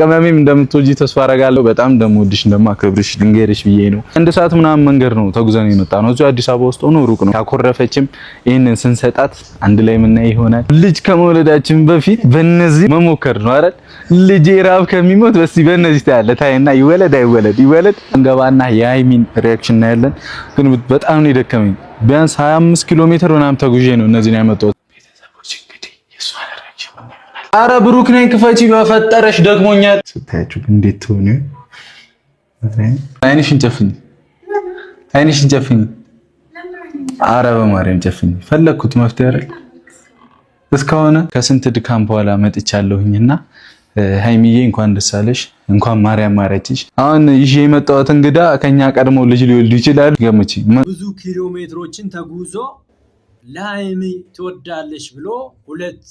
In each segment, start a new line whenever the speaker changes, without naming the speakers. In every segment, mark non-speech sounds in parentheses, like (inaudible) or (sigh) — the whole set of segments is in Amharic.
ቅመሜም እንደምትወጂ ተስፋ አረጋለሁ። በጣም እንደምወድሽ እንደማከብርሽ ልንገርሽ ብዬ ነው። አንድ ሰዓት ምናምን መንገድ ነው ተጉዘን የመጣ ነው። እዚሁ አዲስ አበባ ውስጥ ሆኖ ሩቅ ነው። ካኮረፈችም ይህንን ስንሰጣት አንድ ላይ የምናይ ይሆናል። ልጅ ከመውለዳችን በፊት በነዚህ መሞከር ነው አይደል? ልጅ ራብ ከሚሞት በስቲ በነዚህ ታያለ ታይና ይወለድ አይወለድ ይወለድ እንገባና የሀይሚን ሪያክሽን እናያለን። ግን በጣም ነው የደከመኝ። ቢያንስ 25 ኪሎ ሜትር ምናምን ተጉዤ ነው እነዚህን ያመጣሁት። አረ ብሩክ ነኝ፣ ክፈቺ በፈጠረሽ ደግሞኛል።
ስታያችሁ እንዴት ሆነ?
አይንሽን ጨፍኝ፣ አይንሽን ጨፍኝ። አረ በማርያም ጨፍኝ። ፈለግኩት መፍትሄ አይደል እስከሆነ ከስንት ድካም በኋላ መጥቻለሁኝና ሀይሚዬ እንኳን ደስ አለሽ፣ እንኳን ማርያም ማረችሽ። አሁን ይዤ የመጣሁት እንግዳ ከኛ ቀድሞ ልጅ ሊወልድ ይችላል። ገምቺ። ብዙ ኪሎ ሜትሮችን ተጉዞ ለሀይሚ ትወዳለች ብሎ ሁለት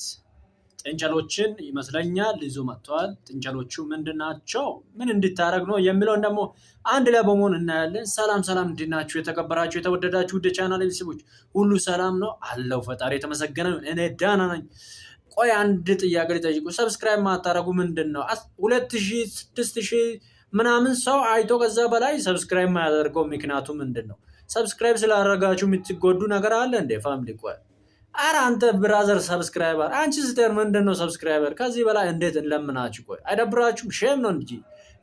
ጥንቸሎችን ይመስለኛል ይዞ መጥተዋል። ጥንቸሎቹ ምንድን ናቸው? ምን እንድታደረግ ነው የሚለውን ደግሞ አንድ ላይ በመሆን እናያለን። ሰላም ሰላም፣ እንዴት የተከበራችሁ የተወደዳችሁ ውድ ቻናል ቤተሰቦች ሁሉ ሰላም ነው አለው ፈጣሪ የተመሰገነ። እኔ ዳና ነኝ። ቆይ አንድ ጥያቄ ሊጠይቁ፣ ሰብስክራይብ ማታደረጉ ምንድን ነው? ሁለት ሺ ስድስት ሺ ምናምን ሰው አይቶ ከዛ በላይ ሰብስክራይብ ማያደርገው ምክንያቱ ምንድን ነው? ሰብስክራይብ ስላደረጋችሁ የምትጎዱ ነገር አለ እንዴ ፋሚሊ? ቆይ አረ አንተ ብራዘር ሰብስክራይበር፣ አንቺ ስተር ምንድን ነው ሰብስክራይበር? ከዚህ በላይ እንዴት እንለምናችሁ? ቆይ አይደብራችሁም? ሼም ነው እንጂ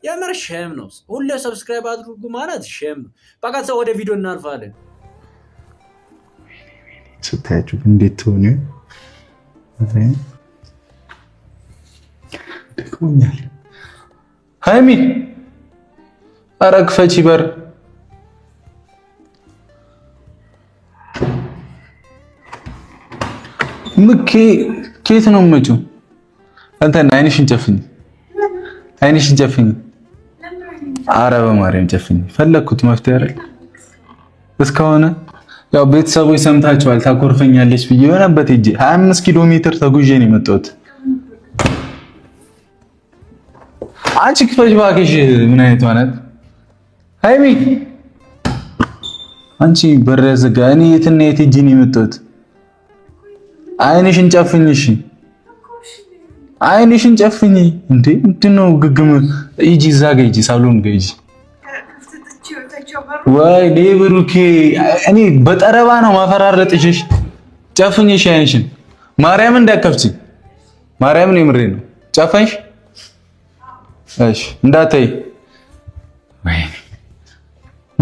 የምር ሼም ነው። ሁሌ ሰብስክራይብ አድርጉ ማለት ሼም ነው። በቃ ሰው ወደ ቪዲዮ እናልፋለን።
ስታያችሁ እንዴት ትሆኑ ደክሞኛል።
ሀይሚ አረግ ፈቺ በር ምኬ ኬት ነው የምመጪው? እንትን አይንሽን ጨፍኝ፣ አይንሽን ጨፍኝ። አረ በማርያም ጨፍኝ። ፈለግኩት መፍትሄ አይደል እስከሆነ ያው ቤተሰቦች ሰምታችኋል። ታኮርፈኛለች ብዬ የሆነበት እጂ 25 ኪሎ ሜትር ተጉዤ ነው የመጣሁት። አንቺ ክፈሽ እባክሽ። ምን አይነት ማለት ሃይሚ አንቺ በር ያዘጋ እኔ የትና የት ሂጅ ነው የመጣሁት አይንሽን ጨፍኝ። እሺ አይንሽን ጨፍኝ። እንዴ ምንድነው ነው ግግም? እጂ እዛ ጋ ሳሎን ጋ ወይ ወይኔ ብሩኬ፣ እኔ በጠረባ ነው ማፈራረጥሽሽ። ጨፍኝ፣ እሺ አይንሽን። ማርያምን እንዳከፍቺ፣ ማርያምን የምሬ ነው። ጨፈንሽ? እሺ እንዳታይ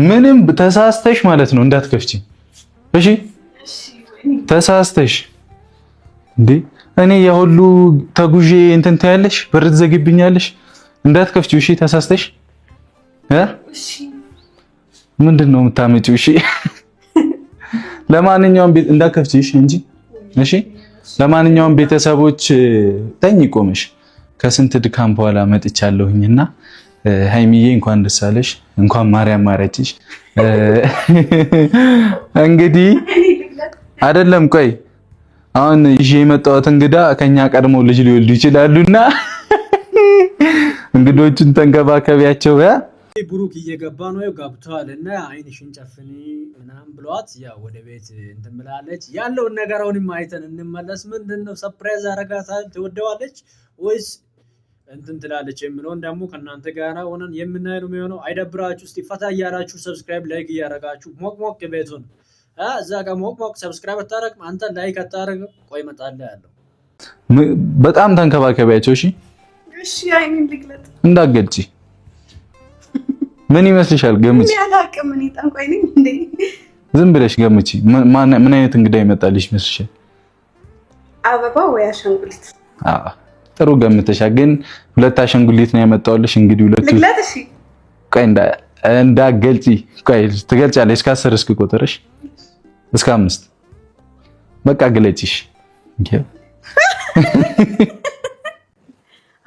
ምንም ተሳስተሽ ማለት ነው እንዳትከፍች። እሺ ተሳስተሽ እንዴ እኔ የሁሉ ተጉዤ እንትን ታያለሽ፣ በር ትዘግብኛለሽ። እንዳትከፍቺው እሺ፣ ተሳስተሽ እ ምንድን ነው የምታመጪው? እሺ፣ ለማንኛውም ቤት እንዳትከፍቺ እሺ፣ እንጂ እሺ። ለማንኛውም ቤተሰቦች ጠኝ ቆመሽ ከስንት ድካም በኋላ መጥቻለሁኝና ሀይሚዬ እንኳን ደስ አለሽ፣ እንኳን ማርያም ማረችሽ። እንግዲህ አይደለም ቆይ አሁን ይዤ የመጣሁት እንግዳ ከኛ ቀድሞ ልጅ ሊወልዱ ይችላሉና እንግዶቹን ተንከባከቢያቸው። ያ ብሩክ እየገባ ነው ገብቷል። እና አይንሽን ጨፍኒ ምናምን ብሏት ያው ወደ ቤት እንትን ብላለች። ያለውን ነገር አሁንም አይተን እንመለስ። ምንድን ነው ሰርፕራይዝ አረጋታል። ትወደዋለች ወይስ እንትን ትላለች የሚለውን ደግሞ ከእናንተ ጋር ሆነን የምናየው የሚሆነው። አይደብራችሁ። እስቲ ፈታ እያላችሁ ሰብስክራይብ፣ ላይክ እያረጋችሁ ሞቅ ሞቅ ቤቱን እዛ ጋር ሞቅ ሞቅ ሰብስክራይብ አታደርግም አንተ ላይክ አታደርግም። ቆይ እመጣለሁ ያለው በጣም ተንከባከቢያቸው። እሺ እሺ። አይኔን ልግለጥ ምን ይመስልሻል? ገምቺ።
አላውቅም እኔ ጠንቋይ ነኝ እንዴ?
ዝም ብለሽ ገምቺ። ምን አይነት እንግዳ ይመጣልሽ ይመስልሻል?
አበባ ወይ አሻንጉሊት?
አዎ ጥሩ ገምተሻል። ግን ሁለት ነው እንግዲህ ሁለቱ ልግለጥ። እሺ ቆይ ቆይ ትገልጫለሽ እስኪ ቆጥረሽ እስከ አምስት በቃ ግለጪሽ።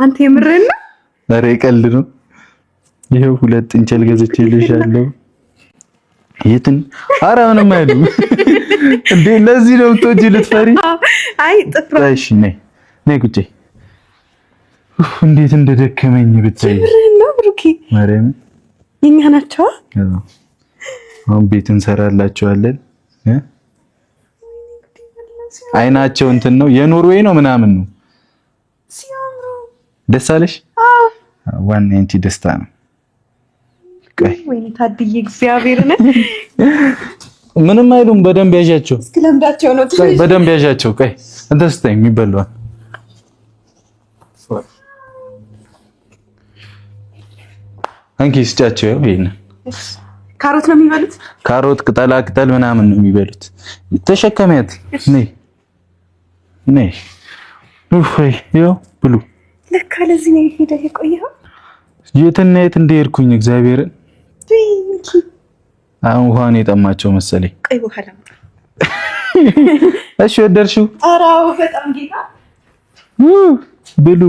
አንተ የምርህን ነው?
ኧረ ቀልድ ነው። ይሄው ሁለት ጥንቸል ገዝቼልሻለሁ። የትን ኧረ ምንም አይደለም እንዴ! ለዚህ ነው የምትወጪ ልትፈሪ? አይ ጥፍራ። እሺ ነይ ነይ ቁጭ። እንዴት እንደደከመኝ ብታይ። ብሩኪ? ማርያም የኛ ናቸው። አሁን ቤት እንሰራላቸዋለን አይናቸው እንትን ነው የኖርዌይ ነው ምናምን ነው። ደስ አለሽ? ዋና የአንቺ ደስታ ነው። ምንም አይሉም። በደንብ ያዣቸው፣ በደንብ ያዣቸው። ቆይ እንትን ስታኝ የሚበሏል አንኪ ስጫቸው እሺ
ካሮት ነው የሚበሉት።
ካሮት፣ ቅጠላ ቅጠል ምናምን ነው የሚበሉት። ተሸከሚያት ነይ ነይ። ውይ ይኸው ብሉ። ለካ ለዚህ ነው የሄደው የቆየው። የትና የት እንደሄድኩኝ እግዚአብሔርን። አሁን ውሃ የጠማቸው መሰለኝ። ቆይ በኋላ እሺ፣ ወደድሽው? ኧረ በጣም ጌታ ብሉ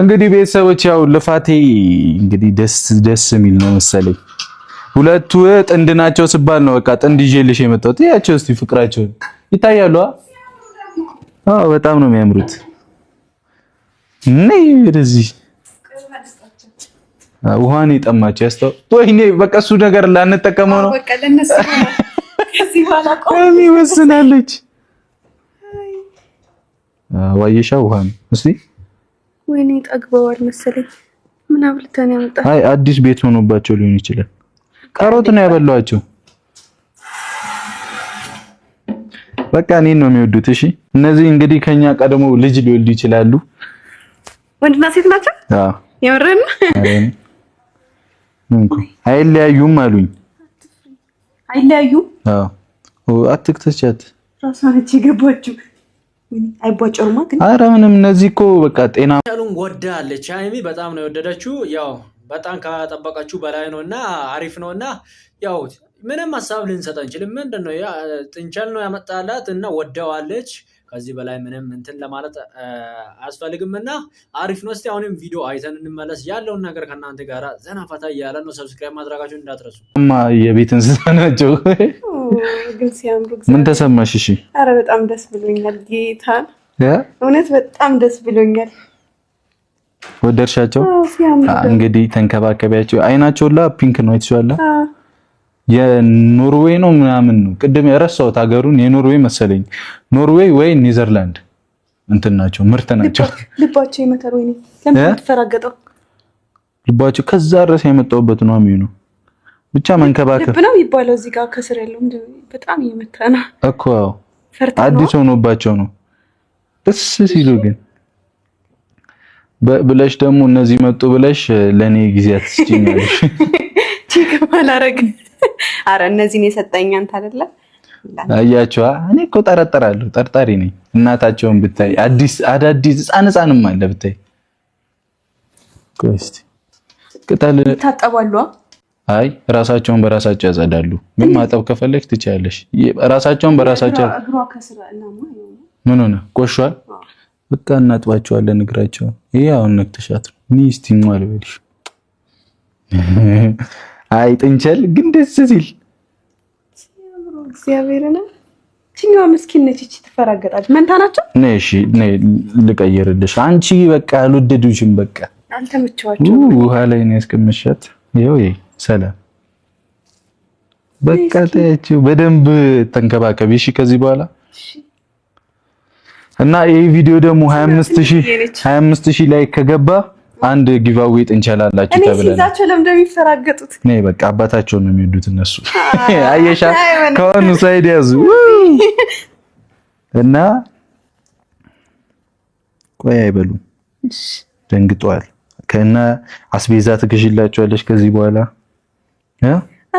እንግዲህ ቤተሰቦች ያው ልፋቴ እንግዲህ ደስ ደስ የሚል ነው መሰለኝ። ሁለቱ ጥንድ ናቸው ስባል ነው በቃ ጥንድ ይዤልሽ የመጣሁት። ያቸው እስቲ ፍቅራቸው ይታያሉ። አዎ በጣም ነው የሚያምሩት። ነይ ወደዚህ። ውሃን የጠማቸው ያስተው ወይኔ፣ በቃ እሱ ነገር ላንጠቀመው ነው ወስናለች። ዋየሻ ውሃን እስቲ ወይኔ ጠግበዋል መሰለኝ። ምን አብልተን ያመጣ? አይ አዲስ ቤት ሆኖባቸው ሊሆን ይችላል። ቀሮት ነው ያበሏቸው። በቃ እኔን ነው የሚወዱት። እሺ እነዚህ እንግዲህ ከኛ ቀድሞ ልጅ ሊወልዱ ይችላሉ። ወንድና ሴት ናቸው። አዎ የምርን አይለያዩም አሉኝ። አይለያዩም። አዎ አትክተቻት ራሷን እጅ ገባችሁ አይቧጨሩማ ግን ምንም። እነዚህ እኮ በቃ ጤና ሉን ወዳለች ሀይሚ በጣም ነው የወደደችው። ያው በጣም ከጠበቃችሁ በላይ ነው እና አሪፍ ነው እና ያው ምንም ሀሳብ ልንሰጥ አንችልም። ምንድን ነው ጥንቸል ነው ያመጣላት እና ወደዋለች። ከዚህ በላይ ምንም እንትን ለማለት አያስፈልግም እና አሪፍ ነው። እስኪ አሁንም ቪዲዮ አይተን እንመለስ። ያለውን ነገር ከእናንተ ጋር ዘና ፈታ እያለ ነው። ሰብስክራይብ ማድረጋችሁን እንዳትረሱ። የቤት እንስሳ ናቸው ግን ሲያምሩ። ምን ተሰማሽ? እሺ። አረ በጣም ደስ ብሎኛል። ጌታን እውነት በጣም ደስ ብሎኛል። ወደርሻቸው? እንግዲህ ተንከባከቢያቸው። አይናቸው ላ ፒንክ ነው የተሻለ የኖርዌይ ነው ምናምን ነው። ቅድም የረሳሁት ሀገሩን የኖርዌይ መሰለኝ። ኖርዌይ ወይ ኔዘርላንድ እንትን ናቸው፣ ምርት ናቸው። ልባቸው ይመታል ወይ ለምን ትፈራገጠው? ልባቸው ከዛ ድረስ የመጣሁበት ነው የሚሆነው ብቻ መንከባከብ ልብ ነው የሚባለው። እዚህ ጋር ከስር ያለው በጣም እየመታ እኮ እኮ አዲስ ሆኖባቸው ነው ደስ ሲሉ። ግን ብለሽ ደግሞ እነዚህ መጡ ብለሽ ለእኔ ጊዜ አትስጪኛለሽ። ቺክ (laughs) ማላረግ አረ እነዚህን የሰጠኝ አንተ አይደለ? አያቸዋ እኔ እኮ ጠረጠራለሁ፣ ጠርጣሪ ነኝ። እናታቸውን ብታይ አዲስ አዳዲስ ህፃን ህፃንም አለ ብታይ። ቅጠል ታጠባሉ አይ ራሳቸውን በራሳቸው ያጸዳሉ። ምን ማጠብ ከፈለግ ትችያለሽ። ራሳቸውን በራሳቸው ምን ሆነ ቆሻል፣ በቃ እናጥባቸዋለን እግራቸውን። ይሄ አሁን ነክተሻት ነው። ሚስቲ ማልበልሽ (laughs) አይ ጥንቸል ግን ደስ ሲል እግዚአብሔርን ችኛዋ ምስኪን ነች እቺ ትፈራገጣለች። መንታ ናቸው። እሺ ልቀይርልሽ። አንቺ በቃ አልወደዱሽም። በቃ አልተመቸዋቸውም። ውሃ ላይ ነው ያስቀመሻት። ይኸው ይሄ ሰላም በቃ ታያችሁ። በደንብ ተንከባከቢ እሺ። ከዚህ በኋላ እና ይሄ ቪዲዮ ደግሞ 25000 25000 ላይ ከገባ አንድ ጊቫዌ እንችላላችሁ ተብለን። እኔ ሲዛቸው ለምደ ይፈራገጡት ነይ በቃ አባታቸው ነው የሚወዱት እነሱ። (laughs) አየሻ ከሆኑ ሳይድ ያዙ (laughs) እና ቆይ አይበሉም። ደንግጠዋል። ከእና አስቤዛ ትግሽላቸዋለሽ ከዚህ በኋላ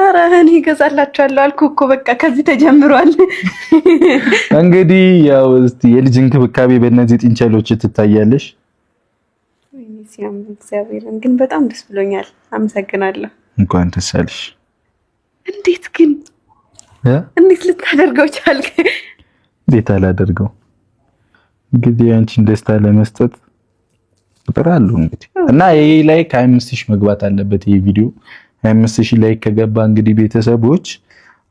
ኧረ እኔ እገዛላችኋለሁ አልኩ እኮ በቃ ከዚህ ተጀምሯል። (laughs) እንግዲህ ያው እስቲ የልጅ እንክብካቤ በእነዚህ ጥንቸሎች ትታያለሽ። እግዚአብሔርን ግን በጣም ደስ ብሎኛል። አመሰግናለሁ። እንኳን ደስ አለሽ። እንዴት ግን እንዴት ልታደርገው ቻልክ? እንዴት አላደርገው እንግዲህ አንቺን ደስታ ለመስጠት እጥራለሁ እንግዲህ እና ይሄ ላይ ከአምስት ሺህ መግባት አለበት ይሄ ቪዲዮ አምስት ሺህ ላይ ከገባ እንግዲህ ቤተሰቦች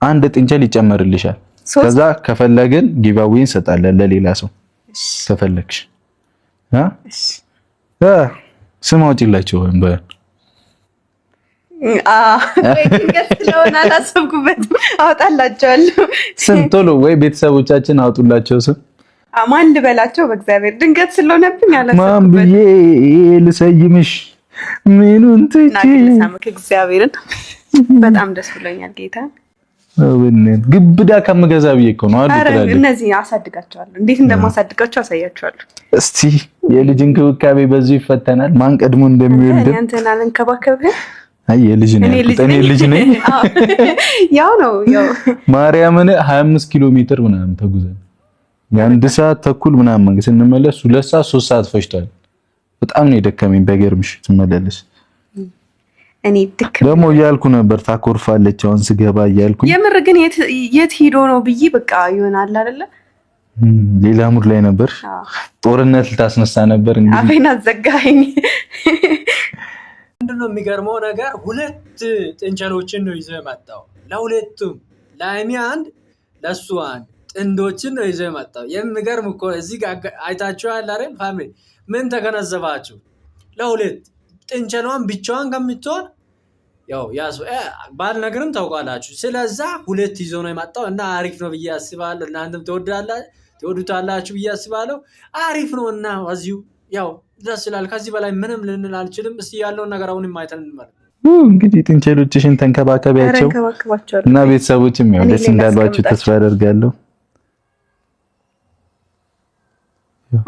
አንድ ጥንቸል ይጨመርልሻል። ከዛ ከፈለግን ጊቫዌይ እንሰጣለን ለሌላ ሰው ከፈለግሽ አ እ ስም አውጪላቸው አላሰብኩበትም። አውጣላቸዋለሁ ስም ቶሎ ወይ ቤተሰቦቻችን አውጡላቸው ስም ማን ልበላቸው? በእግዚአብሔር ድንገት ስለሆነብኝ አላሰብኩበት። ማን ብዬ ልሰይምሽ? ምኑን ትቼ እግዚአብሔርን በጣም ደስ ብሎኛል። ጌታ ግብዳ ከምገዛ ብዬ እኮ ነው። እነዚህ አሳድጋቸዋለሁ፣ እንዴት እንደማሳድጋቸው አሳያቸዋለሁ። እስቲ የልጅ እንክብካቤ በዚሁ ይፈተናል። ማን ቀድሞ እንደሚወልድ እንትን አልንከባከብህም። የልጅ ነኝ ልጅ ነኝ። ያው ነው ያው ማርያምን 25 ኪሎ ሜትር ምናምን ተጉዘን የአንድ ሰዓት ተኩል ምናምን ስንመለስ ሁለት ሰዓት ሶስት ሰዓት ፈጅቷል። በጣም ነው የደከመኝ። በገርምሽ ትመላለስ እኔ ደግሞ እያልኩ ነበር ታኮርፋለች፣ አሁን ስገባ እያልኩ የምር ግን የት ሄዶ ነው ብዬ በቃ ይሆናል አይደለ ሌላ ሙድ ላይ ነበር። ጦርነት ልታስነሳ ነበር እንግዲህ አፌን አዘጋኸኝ። ምንድነው የሚገርመው ነገር ሁለት ጥንቸሎችን ነው ይዘ የመጣው ለሁለቱም፣ ለአይሚ አንድ፣ ለእሱ አንድ ጥንዶችን ነው ይዘ የመጣው። የሚገርም እኮ እዚህ አይታችኋል አይደል ፋሚሊ ምን ተገነዘባችሁ? ለሁለት ጥንቸሏን ብቻዋን ከምትሆን ያው ባል ነገርም ታውቃላችሁ። ስለዛ ሁለት ይዞ ነው የማጣው እና አሪፍ ነው ብዬ አስባለሁ። እናንተም ትወዱታላችሁ ብዬ አስባለሁ። አሪፍ ነው እና እዚሁ ያው ደስ ይላል። ከዚህ በላይ ምንም ልንል አልችልም። እስቲ ያለውን ነገር አሁን የማይተን እንመለ እንግዲህ ጥንቸሎችሽን ተንከባከቢያቸው እና ቤተሰቦችም ያው ደስ እንዳሏችሁ ተስፋ አደርጋለሁ።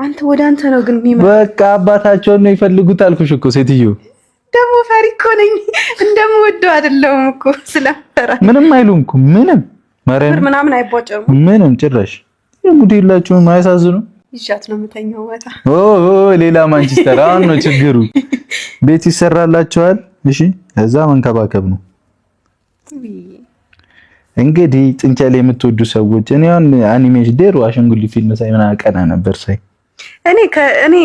አንተ ወደ አንተ ነው ግን የሚመጣው። በቃ አባታቸውን ነው ይፈልጉት አልኩሽ እኮ ሴትዮ። ደግሞ ፈሪ እኮ ነኝ እንደምወደው አይደለሁም እኮ ስለፈራ ምንም አይሉም እኮ ምንም ማርያም ምናምን አይቧጨም ምንም ጭራሽ ሙድ የላችሁም አያሳዝኑ ይሻት ነው የምተኛው ወጣ ኦ ሌላ ማንቸስተር አሁን ነው ችግሩ (laughs) ቤት ይሰራላችኋል እሺ እዛ መንከባከብ ነው እንግዲህ ጥንቸል የምትወዱ ሰዎች እኔ አሁን አኒሜሽን ዴር ዋሽንጉሊ ፊልም ሳይ ምናምን ቀና ነበር ሳይ እኔ እኔ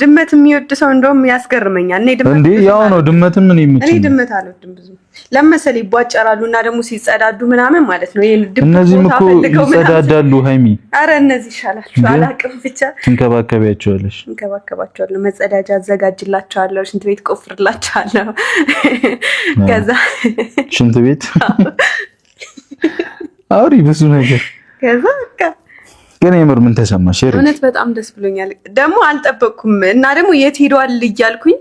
ድመት የሚወድ ሰው እንደውም ያስገርመኛል። እኔ ድመት እንዴ ያው ነው ድመት ምን ይምጭ እኔ ድመት አልወድም ብዙ ለመሰል ይቧጨራሉ እና ደግሞ ሲጸዳዱ ምናምን ማለት ነው። ይሄን ድመት እነዚህ እኮ ይጸዳዳሉ። ሃይሚ አረ እነዚህ ይሻላል። አላቅም ብቻ ትንከባከቢያቸዋለሽ። እንከባከባቸዋለሁ። መጸዳጃ አዘጋጅላቸዋለሁ። ሽንት ቤት ቆፍርላቸዋለሁ። ከዛ ሽንት ቤት አውሪ ብዙ ነገር ከዛ በቃ ግን የምር ምን ተሰማሽ? እውነት በጣም ደስ ብሎኛል። ደግሞ አልጠበቅኩም እና ደግሞ የት ሄዷል እያልኩኝ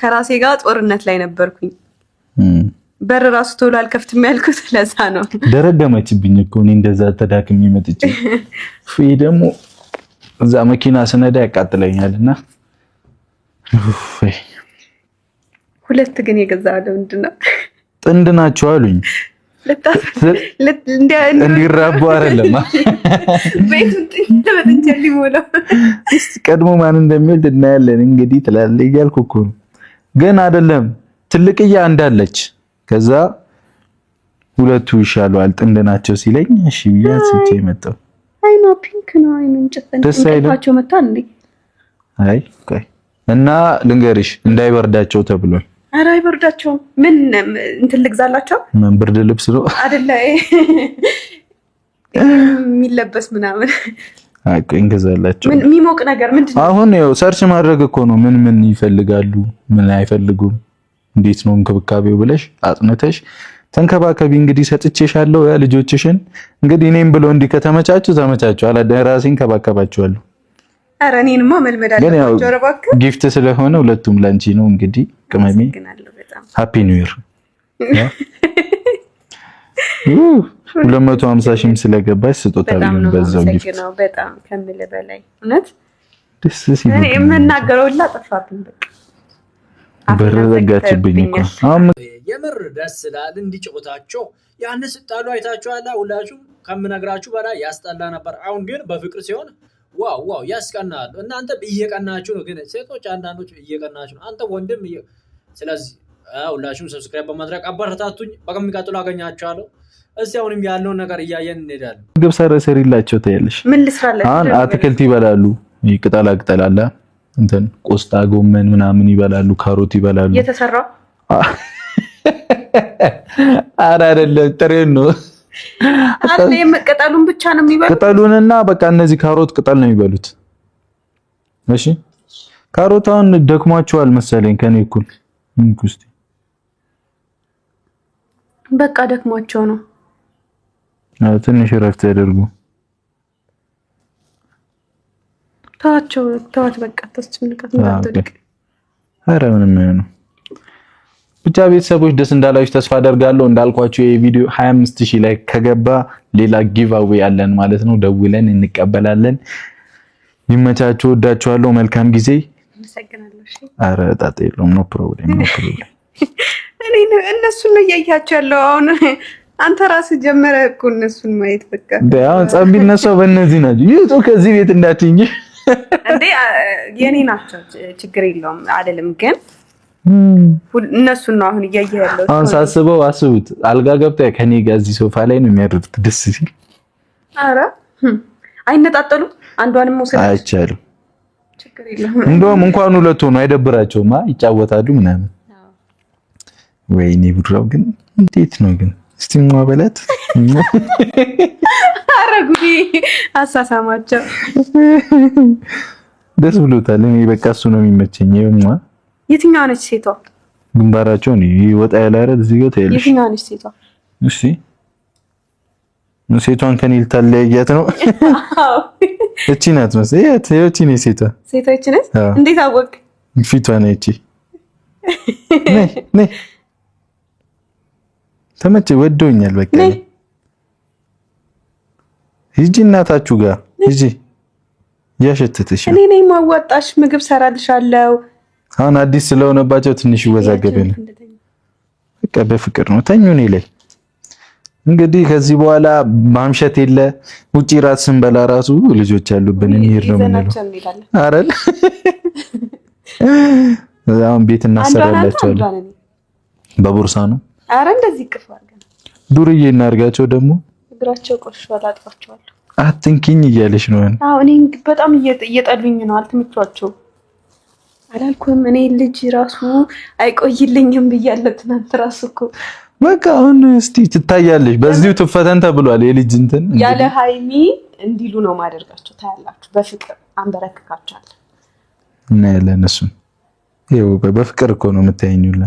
ከራሴ ጋር ጦርነት ላይ ነበርኩኝ። በር ራሱ ቶሎ አልከፍትም ያልኩት ለዛ ነው። ደረገመችብኝ እኮ እኔ እንደዛ ተዳክሜ መጥቼ (laughs) ይህ ደግሞ እዛ መኪና ስነዳ ያቃጥለኛል እና ሁለት ግን የገዛ ለምንድን ነው ጥንድ ናቸው አሉኝ። እንዲራቡ አይደለም ቀድሞ ማን እንደሚወልድ እናያለን። እንግዲህ ትላለ እያልኩ እኮ ነው። ግን አይደለም ትልቅዬ አንዳለች። ከዛ ሁለቱ ይሻለዋል ጥንድ ናቸው ሲለኝ እሺ ብዬ አንስቼ መጣሁ። አይኗ ፒንክ ነው። አይኑን ጭፍን እንቅልፋቸው መቷል እንዴ? አይ እና ልንገርሽ እንዳይበርዳቸው ተብሏል። ኧረ አይበርዳቸውም። ምን እንትን ልግዛላቸው? ምን ብርድ ልብስ ነው አይደለ? የሚለበስ ምናምን እንገዛላቸው። የሚሞቅ ነገር ምንድን ነው? አሁን ያው ሰርች ማድረግ እኮ ነው። ምን ምን ይፈልጋሉ፣ ምን አይፈልጉም፣ እንዴት ነው እንክብካቤው ብለሽ አጥንተሽ ተንከባከቢ። እንግዲህ ሰጥቼሻለሁ ያ ልጆችሽን እንግዲህ እኔም ብሎ እንዲህ ከተመቻቹ ተመቻቹ፣ አላደ ራሴ እንከባከባቸዋለሁ። ኧረ እኔንማ መልመድ አለባቸው። ጊፍት ስለሆነ ሁለቱም ላንቺ ነው እንግዲህ ቅመሚ ሀፒ ኒው ይር። ሁለት መቶ ሀምሳ ሺህም ስለገባች ስጦታ ቢሆን በዛው ጊፍት ነው። በጣም ከምልህ በላይ እውነት ደስ ሲል የምናገረው ሁላ ጠፋብኝ። በቃ በር ዘጋችብኝ እኮ የምር ደስ ስላል እንዲጭቁታቸው ያን ስጣሉ አይታችኋላ። ሁላችሁም ከምነግራችሁ በላይ ያስጠላ ነበር። አሁን ግን በፍቅር ሲሆን ዋው ዋው ያስቀናሉ። እናንተ እየቀናችሁ ነው፣ ግን ሴቶች አንዳንዶች እየቀናችሁ ነው። አንተ ወንድም ስለዚህ ሁላችሁም ሰብስክራይብ በማድረግ አበረታቱኝ። በቃ የሚቀጥሉ አገኛችኋለሁ። እስቲ አሁንም ያለውን ነገር እያየን እንሄዳለን። ምግብ ሰሪላቸው ታያለሽ። ምን ልስራላችሁ? አሁን አትክልት ይበላሉ። ቅጠላ ቅጠል አለ እንትን ቆስጣ፣ ጎመን ምናምን ይበላሉ። ካሮት ይበላሉ። የተሰራው ኧረ አይደለም ጥሬን ነው (laughs) አለ ቅጠሉን ብቻ ነው የሚበሉት። ቅጠሉንና በቃ እነዚህ ካሮት ቅጠል ነው የሚበሉት። እሺ ካሮት አሁን ደክሟቸዋል መሰለኝ ከኔ እኩል እንኩስቲ በቃ ደክሟቸው ነው። ትንሽ እረፍት ያደርጉ። ተዋቸው፣ ተዋት በቃ ተስጭንቀት እንዳትወድቅ። አረ ምንም አይሆንም። ብቻ ቤተሰቦች ደስ እንዳላችሁ ተስፋ አደርጋለሁ። እንዳልኳችሁ ይሄ ቪዲዮ 25000 ላይ ከገባ ሌላ ጊቫዌ ያለን ማለት ነው። ደውለን እንቀበላለን። ይመቻችሁ። ወዳችኋለሁ። መልካም ጊዜ። ኧረ ጣጣ የለውም። ኖ ፕሮብሌም፣ ኖ ፕሮብሌም። እኔ እነሱን ነው ያለው አሁን አንተ ራስህ ጀመረ እኮ እነሱን ማየት በቃ አሁን በእነዚህ ናቸው። ይውጡ ከዚህ ቤት እንዳትኝ እንዴ! የኔ ናቸው ችግር የለውም አይደለም ግን እነሱን ነው አሁን እያየ ያለው። አሁን ሳስበው አስቡት፣ አልጋ ገብታ ከኔ ጋር እዚህ ሶፋ ላይ ነው የሚያደርጉት። ደስ ሲል አረ አይነጣጠሉም። አንዷንም መውሰድ አይቻልም። እንደውም እንኳን ሁለት ሆኖ አይደብራቸውማ፣ ይጫወታሉ ምናምን። ወይኔ ብድራው ግን እንዴት ነው ግን እስቲ ሟ በላት። ኧረ አሳሳማቸው። ደስ ብሎታል። እኔ በቃ እሱ ነው የሚመቸኝ ይሄማ የትኛዋ ነች ሴቷ? ግንባራቸው ነው ይወጣ ያለ አይደል? እዚህ ጋር ታያለሽ። የትኛዋ ነች ሴቷ? እሺ ሴቷን ከኔ ልታለያያት ነው? እቺ ናት መሰለኝ። እቺ ነች ሴቷ። ሴቷ እቺ ነች። እንዴት አወቅ? ፊቷ ነች እቺ። (laughs) ነይ ነይ፣ ተመች ወዶኛል። በቃ ሂጂ እናታችሁ ጋር ሂጂ። ያሸተተሽ እኔ ነኝ ማዋጣሽ፣ ምግብ ሰራልሻለሁ አሁን አዲስ ስለሆነባቸው ትንሽ ይወዛገበ ነው። በቃ በፍቅር ነው ተኙ። እኔ ላይ እንግዲህ ከዚህ በኋላ ማምሸት የለ ውጪ ራት ስንበላ ራሱ ልጆች ያሉብን እንሄድ ነው የምንለው አይደል? አሁን ቤት እናሰራላቸዋለን። በቦርሳ ነው። አረ እንደዚህ ቅፍ አድርገን ዱርዬ እናርጋቸው ደግሞ እግራቸው ቆሽሿል፣ አጥፋቸዋለሁ። አትንኪኝ እያለች ነው። አሁን እኔ በጣም እየጠሉኝ ነው፣ አልተመቸዋቸውም አላልኩም። እኔ ልጅ ራሱ አይቆይልኝም ብያለሁ ትናንት ራሱ እኮ በቃ አሁን እስቲ ትታያለሽ። በዚሁ ትፈተን ተብሏል። የልጅ እንትን ያለ ሀይሚ እንዲሉ ነው ማደርጋቸው። ታያላችሁ። በፍቅር አንበረክካቸዋለን እና ያለ እሱን ይኸው በፍቅር እኮ ነው የምታየኙላ።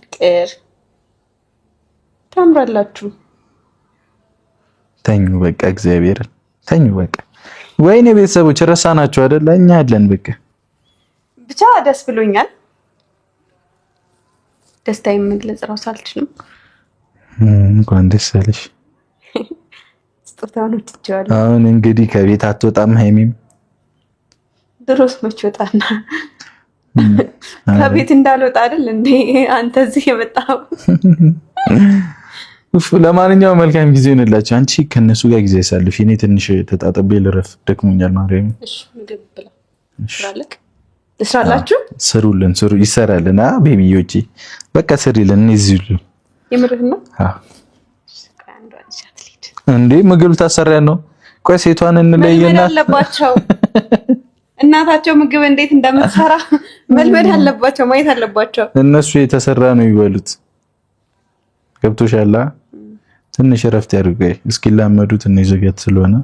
ፍቅር ታምራላችሁ። ተኙ በቃ እግዚአብሔርን ተኙ በቃ። ወይኔ ቤተሰቦች ረሳናችሁ አይደል? እኛ አለን በቃ ብቻ ደስ ብሎኛል። ደስታ መግለጽ ራሱ አልችልም። እንኳን ደስ አለሽ። ስጦታውን ወጥቼዋለሁ። አሁን እንግዲህ ከቤት አትወጣም ሀይሚም? ድሮስ መች ወጣና (laughs) ከቤት እንዳልወጣ አይደል እንዴ አንተ እዚህ የመጣው? (laughs) ለማንኛውም መልካም ጊዜ ሆንላችሁ። አንቺ ከነሱ ጋር ጊዜ ያሳልፍ። እኔ ትንሽ ተጣጥቤ ልረፍ፣ ደክሞኛል። ማርያም እሺ፣ ምግብ ብላ ትስራላችሁ? ስሩልን፣ ስሩ፣ ይሰራልን። አ ቤቢዮቼ በቃ ስሪልን። እዚህ ሁሉ እንዴ? ምግብ ታሰሪያ ነው? ቆይ ሴቷን እንለየና አለባቸው (laughs) እናታቸው ምግብ እንዴት እንደምትሰራ መልመድ አለባቸው፣ ማየት አለባቸው። እነሱ የተሰራ ነው ይበሉት። ገብቶሻላ። ትንሽ እረፍት ያድርገ እስኪላመዱ ትንሽ ዘገት ስለሆነ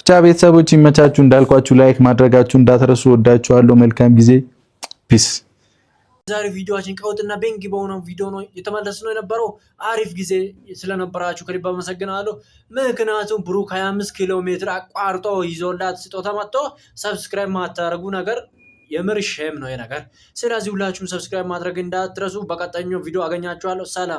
ብቻ ቤተሰቦች ይመቻችሁ። እንዳልኳችሁ ላይክ ማድረጋችሁ እንዳትረሱ። ወዳችኋለሁ። መልካም ጊዜ። ፒስ። ዛሬ ቪዲዮችን ቀውጥና ቤንግ በሆነው ቪዲዮ ነው የተመለስ ነው የነበረው። አሪፍ ጊዜ ስለነበራችሁ ከልብ አመሰግናለሁ። ምክንያቱም ብሩክ 25 ኪሎ ሜትር አቋርጦ ይዞላት ስጦታ መጥቶ ሰብስክራይብ ማታደረጉ ነገር የምር ሼም ነው ነገር። ስለዚህ ሁላችሁም ሰብስክራይብ ማድረግ እንዳትረሱ። በቀጣኛው ቪዲዮ አገኛችኋለሁ። ሰላም